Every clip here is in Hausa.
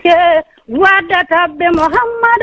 take wadda be, Muhammad?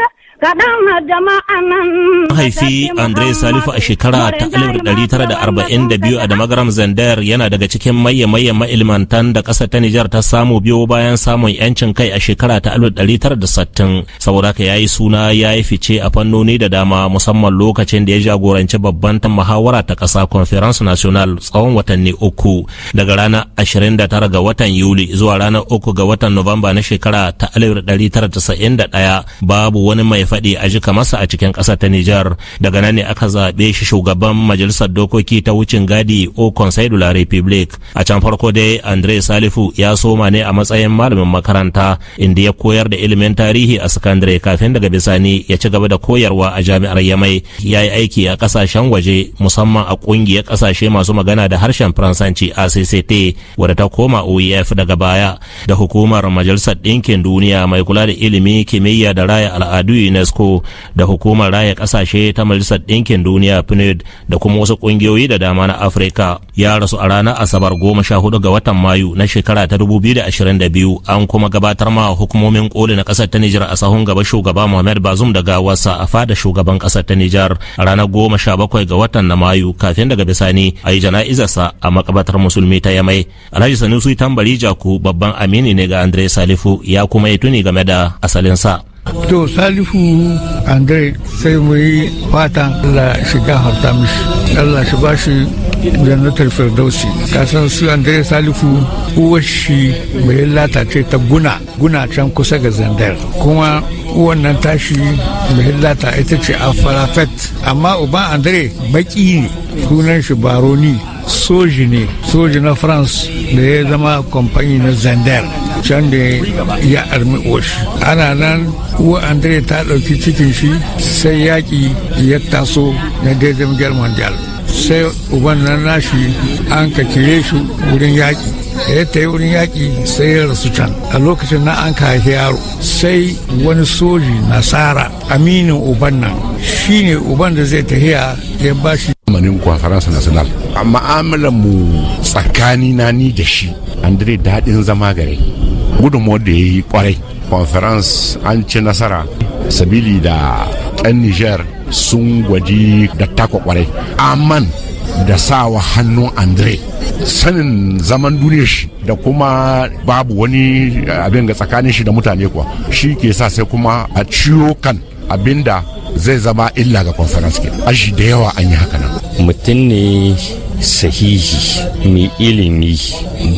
Mahaifi Andre Salifu a shekara ta 1942 a Damagaram Zander yana daga cikin maye-maye ma'ilmantan da ƙasa ta Nijar ta samu biyo bayan samun 'yancin kai a shekara ta 1960. Saboda ka yayi suna ya yi fice a fannoni da dama musamman lokacin da ya jagoranci babban ta muhawara ta ƙasa Conference National tsawon watanni uku daga ranar 29 ga watan Yuli zuwa ranar 3 ga watan Nuwamba na shekara ta 1991 babu wani mai faɗi a jika masa a cikin ƙasa ta Nijar daga nan ne aka zaɓe shi shugaban majalisar dokoki ta wucin gadi o Conseil de la République a can farko dai Andre Salifu ya soma ne a matsayin malamin makaranta inda ya koyar da ilimin tarihi a sakandare kafin daga bisani ya ci gaba da koyarwa a jami'ar Yamai ya yi aiki a ƙasashen waje musamman a ƙungiyar ƙasashe masu magana da harshen Faransanci ACCT wadda ta koma OEF daga baya da hukumar Majalisar Ɗinkin Duniya mai kula da ilimi kimiyya da raya al'adu na unesco da hukumar raya kasashe ta majalisar ɗinkin duniya PNUD da kuma wasu ƙungiyoyi da dama na afirka ya rasu a ranar asabar goma sha hudu ga watan mayu na shekara ta dubu da biyu an kuma gabatar ma hukumomin koli na ƙasar ta nijar a sahun gaba shugaba Muhammad bazum da gawarsa a fada shugaban ƙasar ta nijar a ranar goma sha bakwai ga watan na mayu kafin daga bisani a yi jana'izarsa a makabatar musulmi ta yamai alhaji sanusi tambari jaku babban amini ne ga andre salifu ya kuma yi tuni game da asalinsa To salifu Andre sai mu yi fatan Allah shiga harta mishi. Allah shi ba shi jannatar firdausi. Kasan su Andre salifu uwar shi mai lata ce ta guna guna can kusa ga zandar. Kuma wannan tashi mahillata ita ce a alfarafet amma uban andre baki ne sunan shi baroni soji ne soji na france da ya zama kamfani na zander can da ya armi oshi ana nan uwa andre ta dauki cikin shi sai yaƙi ya taso na dezem germondial sai uban nan nashi an kakire shi wurin yaƙi ya ta yi wurin yaƙi sai ya rasu can a lokacin na an haifi yaro sai wani soji nasara aminin uban nan shine uban da zai tahiya ya ba shi manin kuwa faransa a ma'amalar mu tsakani na ni da shi an dare daɗin zama gare gudunmuwar da ya yi kwarai conference an ci nasara sabili da 'yan niger sun gwaji da takwa kwarai amman da sawa hannu andre sanin zaman duniya shi da kuma babu wani eh, abin ga tsakanin shi da mutane kuwa shi ke sa sai kuma a ciwo kan abin da zai zama illa ga conference ke aji da yawa an yi haka nan mutum ne sahihi mai ilimi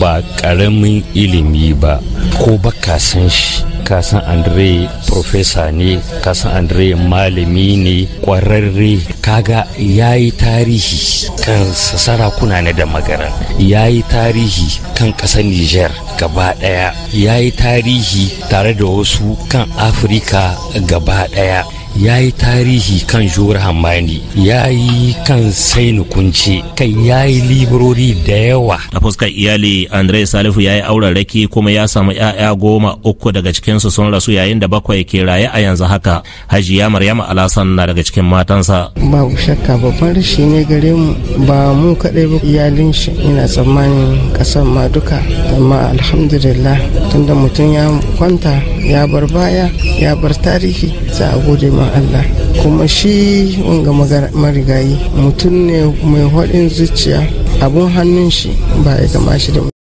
ba karamin ilimi ba ko baka san shi kasan andre profesa ne kasan andre malami ne kwararre kaga ya yi tarihi kan sarakuna na da magara ya yi tarihi kan kasar niger gaba daya ya yi tarihi tare da wasu kan afirka gaba daya ya yi tarihi kan jura hamani ya yi kan sai nukunci kai ya yi librori da yawa a fuskar iyali andre salifu ya yi auren raki kuma ya samu 'ya'ya goma uku daga cikinsu sun rasu yayin da bakwai ke raye a yanzu haka hajiya maryama alasan na daga cikin matansa babu shakka babban rashi ne gare mu ba mu kaɗai ba iyalin shi ina tsammanin ƙasar ma duka amma alhamdulillah tunda mutum ya kwanta ya bar baya ya bar tarihi za a gode ma ikon Allah kuma shi wanga marigayi mutum ne mai haɗin zuciya abun hannun shi ba ya gama shi da